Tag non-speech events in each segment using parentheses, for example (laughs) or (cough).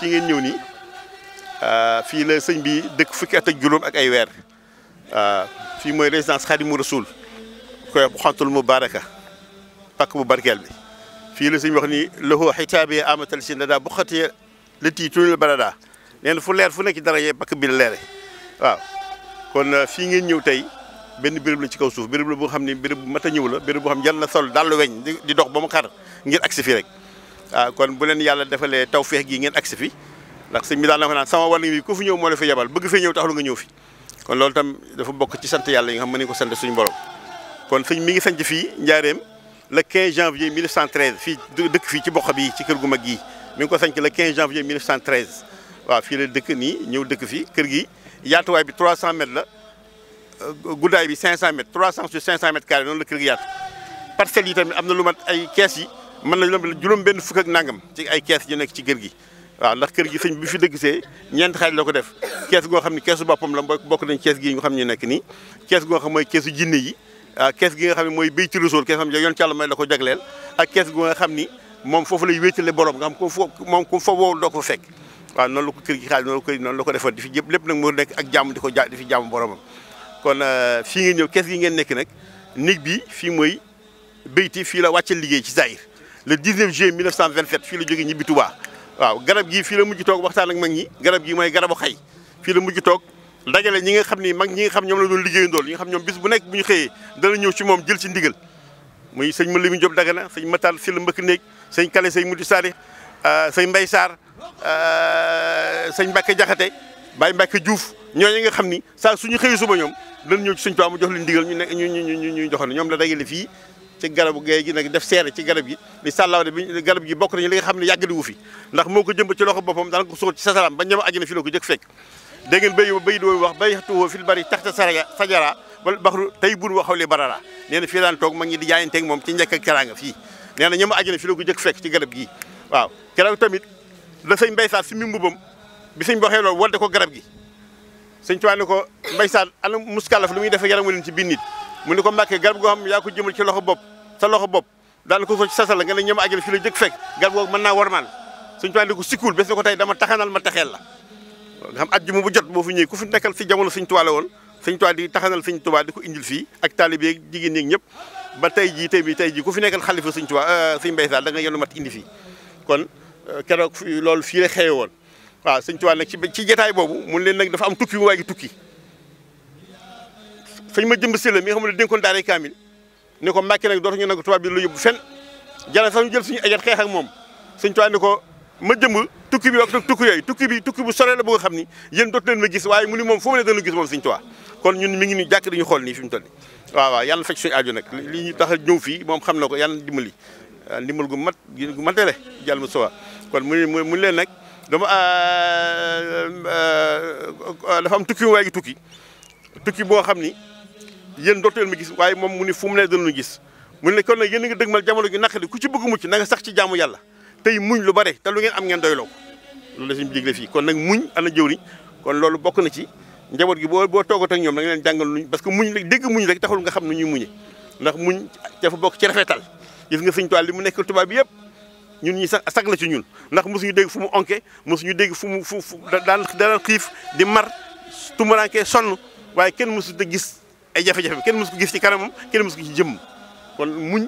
fi ngeen ñëw nii Euh, fii la sëñ bi dëkk fukki at ak juróom ak ay weer euh, fii mooy résidence Khadimou Rassoul koy xantul mu baraka pàkk bu barkeel bi fii la sëñ wax ni loxoo xitaabi amatal si dadaa bu xatee lëtii tunel baradaa nee na fu leer fu nekk dara yee pàkk bi la leere euh, fii ngeen ñëw tey benn béréb la ci kaw suuf béréb la boo xam ne béréb bu mat a ñëw la béréb boo xam ne yàlla na sol daal weñ di dox ba mu xar ngir agsi fi rek waaw kon bu leen yàlla defalee tawfeex gi ngeen agsi fi ndax sëñ bi daal na ko naan sama wàll wi ku fi ñëw moo la fi yebal bëgg fee ñëw taxul nga ñëw fi kon loolu tam dafa bokk ci sant yàlla yi nga xam mën nañu ko sant suñu borom kon sëñ mi ngi sanc fii njaareem le 15 janvier 1913 fii dëkk fii ci bokk bi ci kër gu mag gii mu ngi ko sanc le 15 janvier 1913 waaw fii la dëkk nii ñëw dëkk fii kër gi yaatuwaay bi 300 mètres la euh, guddaay bi 500 mètres 300 sur 500 mètres carré noonu la kër gi yaatu parcelles yi tamit lu mat ay kees yi mën na juróom benn fukk nangam ci ay kees yu nekk ci kër gi waaw ndax kër gi sëñ bi fi dëgg see ñeenti xaaj la ko def kees goo xam ne keesu boppam la bokk nañ kees gii nga xam ñu nekk nii kees goo xam mooy keesu jinne yi ah kees gi nga xam ne mooy béy ci rasul kees xam ko jagleel ak kees gu nga xam ni moom foofu lay wéetale borom nga xam ko fo moom kër gi xaaj noonu la ko la ko defoon di fi jëpp ko ja di fi ah, ngeen ñëw kees gi ngeen nekk nag nit bi fii mooy béyti fii la wàcce liggéey ci Zahir le 19 juillet 1927 fii la jógee ñibbi Touba waaw garab gii fii la mujj toog waxtaan ak mag ñi garab gi mooy garabu xay fii la mujj toog dajale ñi nga xam ni mag ñi nga xam ñoom la doon liggéeyandool ñi xam ñoom bis bu nekk bu ñu xëyee moom jël ci ndigal muy sëñ ma limu Diop Dagana sëñ Matal si la mbëkk néeg sëñ Kale sëñ Mudu Sari euh, sëñ Mbay Sarr euh, sëñ Mbàkke Jaxate Baye Mbàkke Diouf ñooñu nga xam ni saa suñu xëyee suba ñoom dana ñëw ci sëñ Tuubaa mu jox leen ndigal ñu nekk ñu ñu ñu ñu ñoom la dajale fii ci garabu géej gi def seere ci garab gi di sàllaaw de bi garab gi bokk nañu li nga xam ne yàgg di wu fi ndax moo ko jëmb ci loxo boppam dana ko sóot ci sasaram ba ñëma àjjana fi la ko jëkk fekk toog mag ñi di moom ci njëkk ak teraanga fii nee na ñëma àjjana fi la ko jëkk fekk ci garab gi waaw keroog tamit da sëñ mbay saat si mi mbubam ko garab gi sëñ tuwaa ne ko mbay saat ana muskalaf lu muy defee yaram ci biir nit mu ne ko mbàkkee garab goo xam yaa ko jëmal ci loxo bopp sa loxo bopp daana ko ko ci sasal la nga ne ñoom ajal fii la jëkk fekk garab googu mën naa warmaan suñu tuwaan di ko sikkul bés na ko tey dama taxanal ma taxeel la nga xam ajjuma bu jot boo fi ñëwee ku fi nekkal fi jamono suñ tuwaale woon suñ tuwaa di taxanal suñ tubaa di ko indil fii ak taalibe yeeg jigéen yeeg ñëpp ba tey jii tey bi tey jii ku fi nekkal xalifa suñ tubaa euh, suñ mbay saal da nga yenu mat indi fii kon euh, keroog loolu fii la xewe woon waaw suñ tubaa nag ci ci jataay boobu mun leen nag dafa am tukki mu waa gi tukki fañ ma jëmb sila mi nga xam ne dénkoon daaray kaamil ni ko Mbàkke nag dootuñu nangu tubaab bi lu yóbbu fen jara sax ñu jël suñu ajat xeex ak moom suñ tubaab ni ko ma jëmb tukki bi wax tukki yooyu tukki bi tukki bu sore la bu nga xam ni yéen dootu leen ma gis waaye mu ni moom fu mu ne dañu gis moom suñ tubaab kon ñun mi ngi ñu jàkk dañu xool nii fi mu toll waaw waaw yàlla fekk suñu aajo nag li ñu tax a ñëw fii moom xam na ko yàlla dimbali ah, ndimbal gu mat gu matale jàll mu sowa kon mu mu leen nag dama ah, ah, dafa am tukki waaye gi tukki tukki boo xam ni yéen dootu leen gis waaye moom mu ni fu mu ne danañu gis mu a ngi jamono gi naqari ku ci bëgg mucc na nga sax ci jaamu yàlla tey muñ lu bare te lu ngeen am ngeen doyloo ko loolu la suñu digle fii kon nag muñ ana kon loolu bokk na ci njaboot gi boo boo toogat ak ñoom da nga leen jàngal nuñ parce que muñ rek dégg muñ rek taxul nga xam ne ñuy muñe ndax muñ dafa bokk ci rafetal gis nga suñ toile li mu nekk tubaab bi yëpp ñun ñi sax sag la ci ñun ndax mosuñu dégg fu mu onkee onke mosuñu dégg fu mu fu daan daan xiif di mar tumuraanke sonn waaye kenn mosu te gis ay jafe-jafe kenn mës ko gis ci kanamam kenn mës ko jëmm kon muñ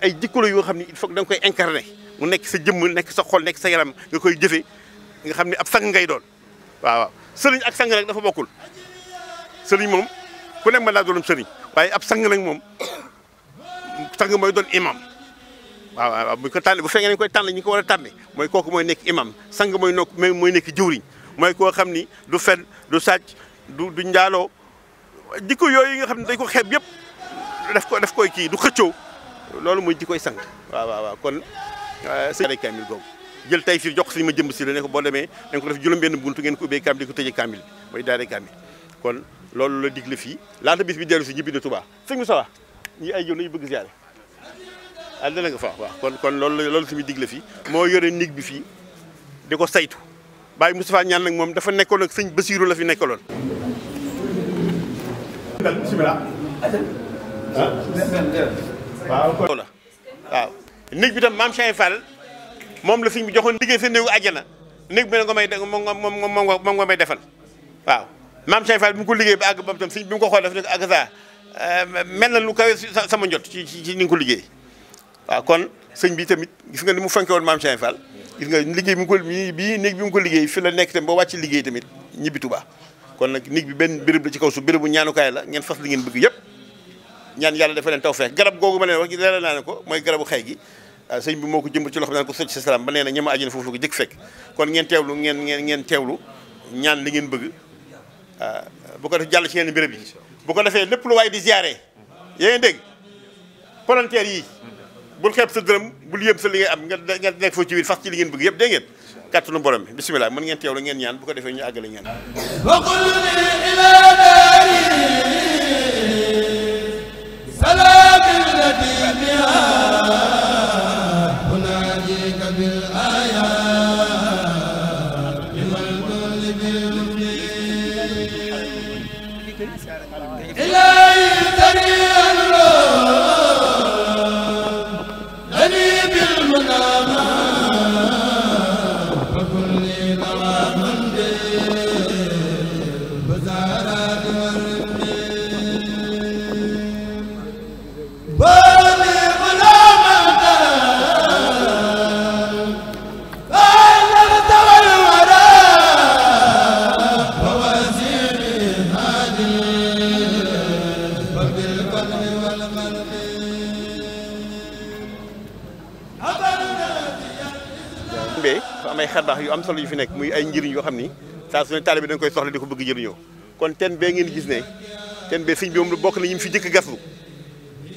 ay jikko yoo xam ne il faut que koy incarné mu nekk sa jëmm nekk sa xol nekk sa yaram nga koy jëfe nga xam ne ab sang ngay doon waaw waaw sëriñ ak sang dafa bokkul sëriñ moom ku nekk mën naa sëriñ waaye ab sang nag moom sang mooy doon imam waaw waaw bu ko tànn bu fekkee ne koy tànn ñu ko war a tànn mooy kooku mooy nekk imam sang mooy nokk mooy nekk jëwriñ mooy koo xam ni du fen du sàcc du du jikko yooyu nga xam ne dañ ko xeeb yëpp daf ko daf koy kii du xëccoo loolu mooy jikkoy sant waaw waaw waaw kon euh, jël tay fi jox suñu ma jëmb si la ko boo demee dañ ko def juróom-benn buntu ngeen ko ubbee kaamil di ko tëjee kaamil bi mooy daare kaamil loolu la digle fii laata bis bi dellu si ñibbi na Tuubaa sëñ bi sawa ñi ay yoon nañu bëgg ziare ah dana fa waaw kon kon loolu loolu suñu digle fii moo yore nig bi fii di ko saytu Baye Moustapha ñaan nag moom dafa nekkoon ak sëñ Basiirou la fi nekkaloon dal bisimilah. ah. waaw. waaw néeg bi tam maam Cheikh Fall joxoon liggéey sa néegu àjjana néeg bi ne nga may moom moom moom nga may defal waaw. maam Cheikh Fall bi mu ko liggéey ba àgg ba mu tam sëñ bi mu ko xool ne ak eh, mel na lu kawe sama njot ci ci ni ko liggéey waaw kon sëñ bi tamit gis nga ni mu fonke woon maam Cheikh Fall gis nga liggéey bi mu ko bii néeg bi mu ko liggéey fi la nekk tam ba wàcc liggéey tamit ñibbi Tuubaa kon nag nit bi benn bërëb la ci kaw su bérébu ñaanukaay la ngeen fas li ngeen bëgg yëpp ñaan yàlla dafa leen tawfeex garab googu ma leen wax leeral naa ne ko mooy garabu xay gi ah, sëñ bi moo ko jëmbat ci loxo bi naan ko socc sa salaam ba nee na ñama àjjana foofu ko jëkk fekk kon ngeen teewlu ñaan li ngeen bëgg ah, ko def jàll ci yeneen béréb yi bu ko defee lépp lu waay di ziare yaa ngi dégg yi bul xeeb sa dërëm bul yëm sa li ngay am fas ci li ngeen bëgg yëpp dégg ngeen kàttanu borom bi bisimilah mën ngeen teewlu ngeen ñaan bu ko defee ñu àggale ngeen salaam solo yu fi nekk muy ay njëriñ yoo xam ni saa su ne taalibe dañ koy soxla di ko bëgg jëriñoo kon teen bee ngeen gis ne teen bee sëñ bi moom bokk na ñu fi jëkk gaslu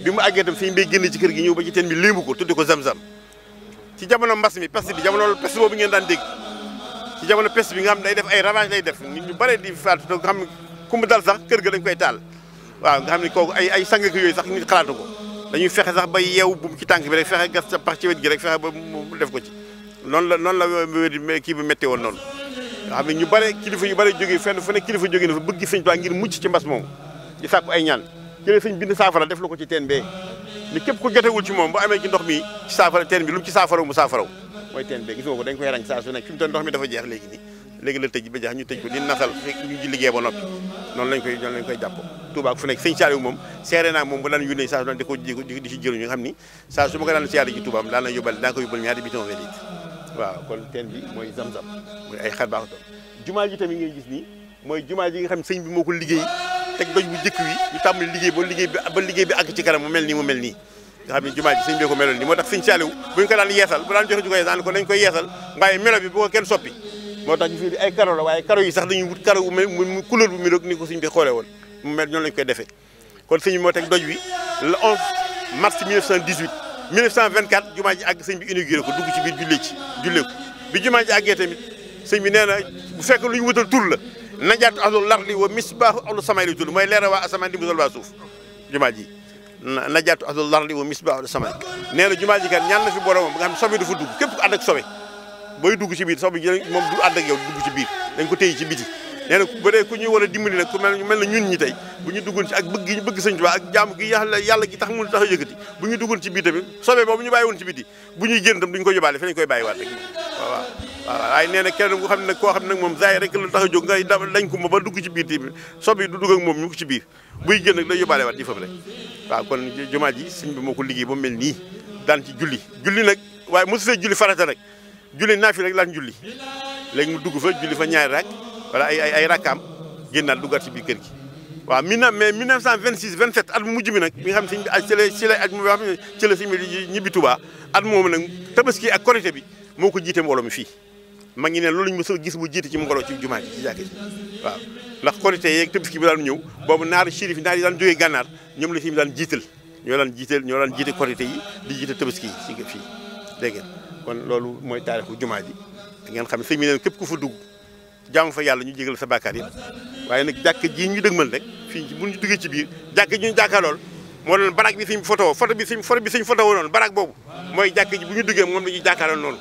bi mu àggee tam sëñ bee génn ci kër gi ñëw ba ci teen bi léemu ko tudde ko zam-zam ci jamono mbas mi peste bi jamono loolu peste boobu ngeen daan dégg ci jamono peste bi nga xam day def ay ravage lay def nit ñu bare di faatu te nga xam ne dal sax kër gi dañ koy taal waaw nga xam ne kooku ay ay sang ak yooyu sax nit xalaatu ko dañuy fexe sax ba yeew bu mu ci tànk bi rek fexe gas sa rek fexe ba mu def ko ci noonu la noonu la wér kii bi métti woon noonu xam ne ñu bare kilifa yu bare jógee fenn fu ne kilifa fa bëgg sëñ Tuubaa ngir mucc ci mbas moomu di ay ñaan ci saafara def la ko ci teen bee ni képp ku moom bu amee ci ndox mi ci saafara lu mu ci saafaraw mu saafaraw mooy teen bee gis nga ko dañ koy ràññ saa su nekk fi mu toll ndox mi dafa jeex léegi liggéey ba noppi noonu lañ koy koy jàppoo Tuubaa fu nekk sëñ Saaliw moom seere naa moom bu daan yónnee saa su di ko di xam ni saa su ko daan siyaare ji Tuubaa daan na yóbbal daan ko yóbbal ñaari biton vingt litres waaw kon teen bi mooy zam-zam mooy ay xar baaxutoon jumaa ji tamit ngay gis nii mooy jumaa ji nga xam ne sëñ bi moo ko liggéey teg doj bu njëkk wi ñu tàmbali liggéey ba liggéey bi ba liggéey bi àgg ci kanam mu mel nii mu mel nii nga xam ne jumaa ji sëñ bee ko meloon nii moo tax sëñ Saaliw bu ñu ko daan yeesal bu daan joxe ko yeesal ko dañ koy yeesal waaye melo bi bu ko kenn soppi moo tax ay karo waaye karo yi sax dañuy wut karo bu mel mu couleur bu mel ni ko sëñ bi xoolee woon noonu lañ koy defee kon sëñ bi moo teg doj wi le 11 mars 1918 1924 jumaa ji àgg sëñ bi inauguré ko dugg ci biir jullee ci ko bi jumaa ji àggee tamit sëñ bi nee na bu fekk lu ñu wutal tur la najaatu ahlul lardi wa misbaahu ahlu samay li tudd mooy leera waa asamaan di musal waa suuf jumaa samay nee na jumaa ji kat ñaan na fi boromam ba nga xam ne sobe du fa dugg képp ku ànd ak sobe booy dugg ci biir sobe ji moom du ànd ak dugg ci biir dañ ko téye ci biti nee na bu dee ku ñuy war a dimbali nag ku mel mel na ñun ñi tey bu ñu duggoon ci ak bëgg gi ñu bëgg sëñ a yëkkati bu ñu duggoon ci biir tamit soobee boobu ko yóbbaale feneen koy bàyyiwaat rek waaw waaw waaw waaye nee xam ne koo xam ne nag moom zaay rek la tax a jóg ngay dañ ko ma ba dugg ci biir tamit sobe yi du dugg ak moom ñu ko ci biir buy génn nag day yóbbaale waat jëfam rek waaw kon jumaa ji sëñ bi moo ko liggéey ba mel nii daan ci julli julli nag waaye mosu fee julli farata nag julli naafi rek laan julli léegi mu dugg fa julli fa ñaari rek wala ay ay ay rakkaam génnaat duggaat ci biir kër gi. waaw mi na mais 1926 27 at mu mujj bi nag bi nga xam sëñ bi ak ah, ci la ci la at mu xam ci la sëñ bi ak korité bi moo ko jiite mbooloo mi fii. ma ngi ne loolu ñu mos a gis bu jiite ci mbooloo ci jumaa ji ci jàkka ji waaw ndax korité yeeg tabaski bi daan ñëw boobu naar shérif naar yi daan jógee gànnaar ñoom la sëñ bi daan jiital ñoo daan jiital ñoo daan jiite korité yi di jiite tabaski yi ci fii dégg kon loolu mooy taarixu jumaa a ngeen xam ne mi bi neen képp ku fa dugg jaamu fa yàlla ñu jégal sa bàkkaar yi waaye nag jàkk ji ñu dëgmal rek fii bu ñu duggee ci biir jàkk ji ñu jàkkaarlool moo doon barak bi suñ photo photo bi suñ photo bi suñ boobu mooy jàkk ji bu ñu duggee moom la ñuy jàkkaarlool noonu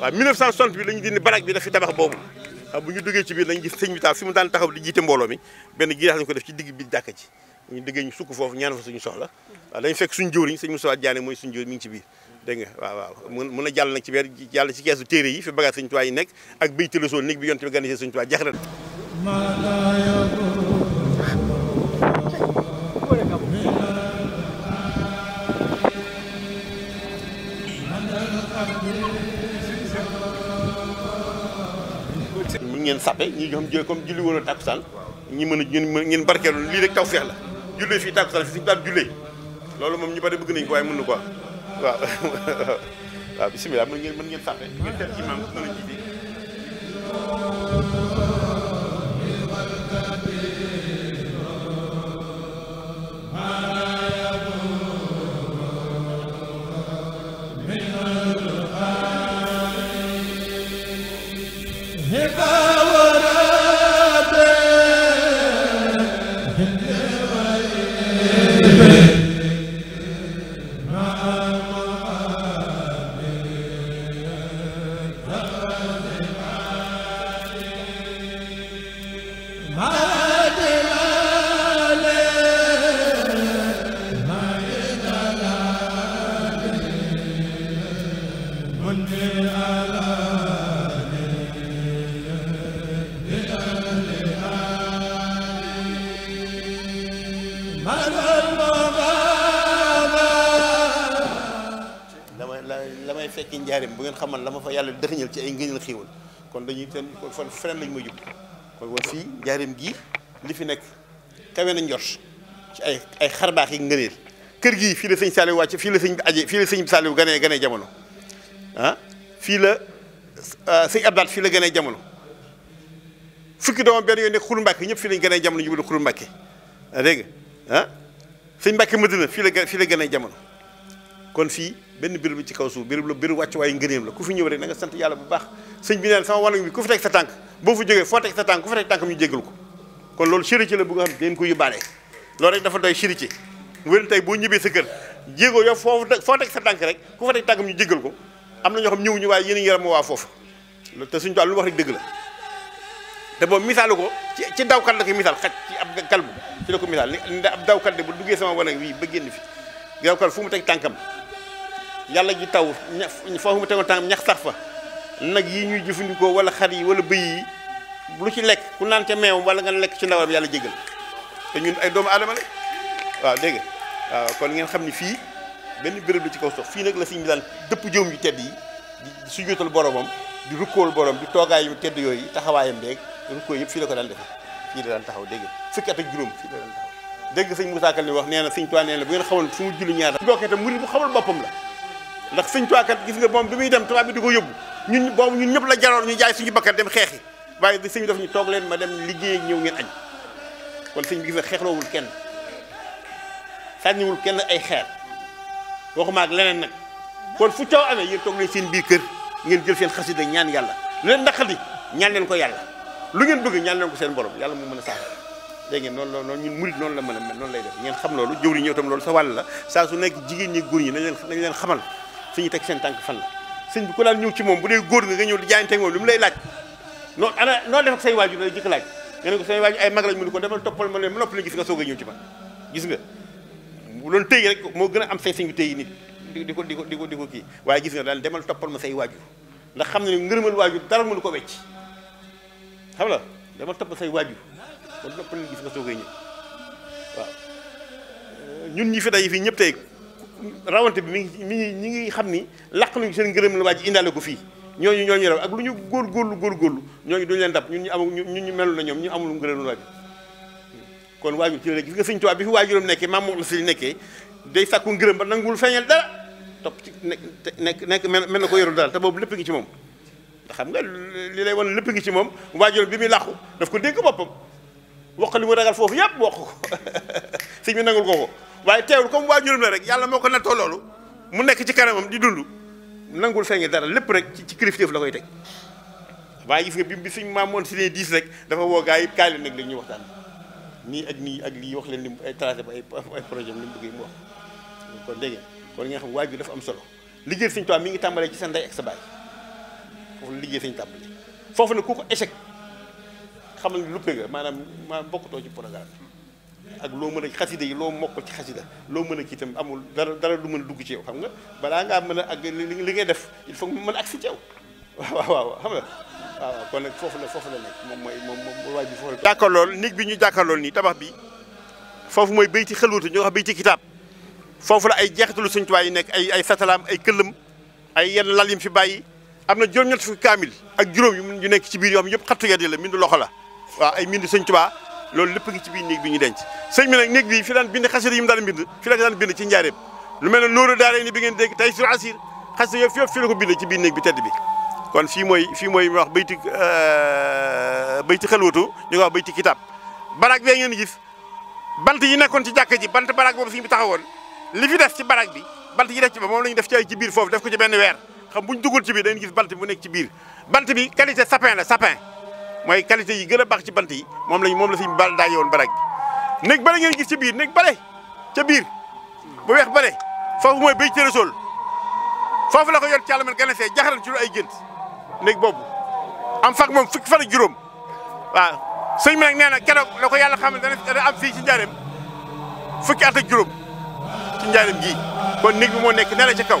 waaw 1960 bi la ñu dindi barak bi daf fi tabax boobu waaw bu ñu duggee ci biir lañu sëñ bi taal fi mu daan taxaw di jiite mbooloo mi benn gi daal ñu ko def ci digg bi jàkk ji ñu duggee ñu sukk foofu ñaan fa suñu soxla waaw dañu fekk suñu jëwriñ sëñ mooy suñu jëwriñ mi dégg nga waaw waaw mun mun a jàll nag ci weer jàll ci keesu téere yi fi bagage Sëñ Tuubaa yi nekk ak béy tëlësoon néeg bi yonte bi ganisee Sëñ Tuubaa jaxran ngeen sappe ñi xam jooy comme julli wala tàkkusaan ñi mën a ñun ngeen barkeelu lii rek tawfeex la jullee fii tàkkusaan fi Sëñ Tuubaa jullee loolu moom ñu bari bëgg nañ ko waaye mën na ko waaw (laughs) waaw bisimilah mën ngeen mën ngeen sàppe ngeen teel imam mën a la kon dañuy seen fan feneen lañ ma jub kon waa fii njaarim gi li fi nekk kawe na njort ci ay ay xarbaax yi ngëneel kër gii fii la sëñ Saliou wàcc fii la sëñ bi aje fii la sëñ Saliou ganee ganee jamono ah fii la ah, sëñ Abdaat fii la ganee jamono fukki doomam benn yoon nekk xuru Mbàkke ñëpp fii lañ ganee jamono jublu xuru Mbàkke ah, dégg nga ah sëñ Mbàkke Madina fii la fii la ganee jamono kon fii benn béréb ci kaw suuf béréb la béréb wàccuwaayu ngëneem la ku fi ñëw rek na nga sant yàlla bu baax sëñ bi neen sama wàllu bi ku fi teg sa tànk boo fa jógee foo teg sa tànk ku fa teg ko kon loolu chérité la bu nga ne dañ ko yóbbaale loolu rek dafa doy chérité wér tey boo ñibbee sa kër jéego yow foo foo teg sa tànk rek ku fa teg tànkam ñu jéggal ko am na ñoo xam ñëwuñu waaye yéen a ngi yaram waa foofu te suñu tool lu wax rek dëgg la te boobu misaalu ko ci ci dawkat la ko misaal xaj ci ab kalbu ci la ko misaal ab dawkat de bu duggee sama wanag wii ba génn fi dawkat fu mu teg tànkam yàlla ji taw foofu mu tegoon tànkam ñax sax fa nag yi ñuy jëfandikoo wala xar yi wala bëy yi lu ci lekk ku naan ca meewam wala nga lekk ci ndawal yàlla jégal te ñun ay doomu aadama la waaw dégg nga waaw kon ngeen xam ni fii benn béréb la ci kaw sox fii nag la siñ bi daan dëpp jëwum yu tedd yi di sujjóotal boromam di rukkool borom di toogaay yu tedd yooyu taxawaayam beeg rukkoo yëpp fii la ko daan defe fii la daan taxaw dégg nga fukki at ak juróom fii la daan taxaw dégg sëñ Moussa Kane wax la ndax sëñ Tuubaa kat gis nga moom bi muy dem tubaab bi di ko yóbbu ñun boobu ñun ñëpp la jaroon ñu jaay suñu bakkan dem xeexi waaye sëñ bi def ñu toog leen ma dem liggéey ñëw ngeen añ kon sëñ bi gis nga xeexloowul kenn sànniwul kenn ay xeer waxuma ak leneen nag kon fu coow amee yéen toog leen seen biir kër ngeen jël seen xasida ñaan yàlla lu leen naqadi ñaan leen ko yàlla lu ngeen bëgg ñaan leen ko seen borom yàlla mu mën a saafara dégg ngeen noonu loolu ñun murit noonu la mën a mel noonu lay def ngeen xam loolu jëwri ñëw tam loolu sa wàll la saa su nekk jigéen ñi góor ñi nañ leen xamal ñu teg seen tànk fan la sëñ bi ko daan ñëw ci moom bu dee góor nga nga ñëw di jaayante ak moom lu mu lay laaj noo ana noo def ak say lay jëkk laaj nga ne ko say waajur ay mag lañ mënu ko demal toppal ma ne ma nopp la gis nga soog a ma gis nga loolu tey rek moo gën a am say sëñ bi tey nit di ko di ko di ko di ko kii waaye daal demal toppal ma say waajur ndax xam ne ne ngërëmal waajur dara mënu ko wecc xam la demal toppal say waajur kon nopp la gis nga soog a ñëw waaw ñun ñi fi day fii ñëpp tey rawante bi mi ngi mi ngi ñi ngi xam ni làq nañu seen ngërëm la waa ji indaale ko fii ñooñu ñooñu raw ak lu ñu góor góorgóorlu ñooñu duñu leen dab ñun ñu amul ñun ñu melul na ñoom ñu amul ngërëm la waa kon waajur ci la gis nga sëñ Tuubaa bi fi waajuram nekkee maam moom la si nekkee day sàkku ngërëm ba nangul feeñal dara topp ci nekk nekk mel na ko yorul dara te boobu lépp ngi ci moom xam nga li lay wan lépp ngi ci moom waajur bi muy làqu daf ko dégg boppam wax li mu ragal foofu yàpp wax ko (laughs) sëñ bi nangul ko ko waaye teewul comme waajuram la rek yàlla moo ko nattoo loolu mu nekk ci kanamam di dund nangul feeñe dara lépp rek ci ci kilifteef la koy teg waaye gis nga bi bi suñ maam moon si ne diis rek dafa woo gaa yi kaay leen nag léegi ñu waxtaan nii ak nii ak lii wax leen ni ay tracé ba ay ay projet am li mu bëggee mu wax kon dégg kon nga xam waajur dafa am solo liggéey suñ tubaab mi ngi tàmbalee ci sa ndey ak sa baay foofu la liggéey sañ tàmbalee foofu nag ku ko échec xamal ni lu péga maanaam maanaam bokkutoo ci programme ak loo mën a xasida yi loo mokkal ci xasida loo mën a kii itam amul dara dara lu mën a dugg ci yow xam nga balaa ngaa mën a ak li ngay def il faut mu mën a agsi ci yow waaw waaw kon nag foofu la foofu la nekk moom mooy moom moom waay bi foofu la. jàkkaarlool nit bi ñu jàkkaarlool nii tabax bi foofu mooy béy ci xëluutu ñu wax béy ci kitaab foofu la ay jeexitalu Sëñ Tuubaa yi nekk ay ay satalaam ay këllam ay yenn lal yim fi bàyyi am na juróom-ñett fukki kaamil ak juróom yu nekk ci biir yoo xam yëpp xattu yeddi la mindu loxo la waaw ay mindu Sëñ Tuubaa loolu lépp ngi ci biir néeg bi ñu denc sëñ bi nag néeg bi fi daan bind xasida yi mu daan bind fi daan bind ci njaareem lu mel ne nooru daara ni bi ngeen dégg tey sur asir xasida yëpp yëpp fi la bind ci biir néeg bi tedd bi kon fii mooy fii mooy wax bayti euh, bayti xelwatu ñu ko wax bayti kitaab barak bee ngeen gis bant yi nekkoon ci jàkka ji bant barak boobu suñu bi taxawoon li fi def ci barak bi bant yi def ci ba moom la ñu def ci ay ci biir foofu def ko ci benn weer xam bu gis bant bi mu nekk ci biir bant bi qualité sapin la sapin mooy qualité yi gën a baax ci bant yi moom lañ moom la suñ ba daaje woon barag bi néeg bale ngeen gis ci biir néeg bale ca biir bu weex bale foofu mooy béy térésol foofu la ko yor càllaman ganasee jaxaran ci lu ay gént néeg boobu am fak moom fukki fan ak juróom waaw sëñ bi nag na keroog la ko yàlla xamal dana am fii ci njaareem fukki at ak juróom ci njaareem gii kon néeg moo nekk ne la ci kaw